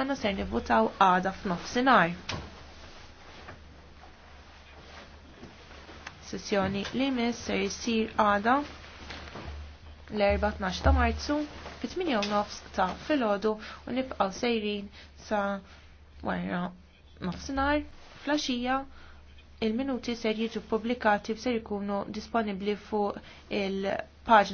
għanna ser nivvutaw għada f'nofsinhar. Sessjoni li mis ser jisir għada l-14 ta' Marzu fit-8 nofs ta' filgħodu u nibqgħu sejrin sa wara nofsinhar flaxija il-minuti ser jiġu publikati ser jkunu disponibbli fuq il-paġna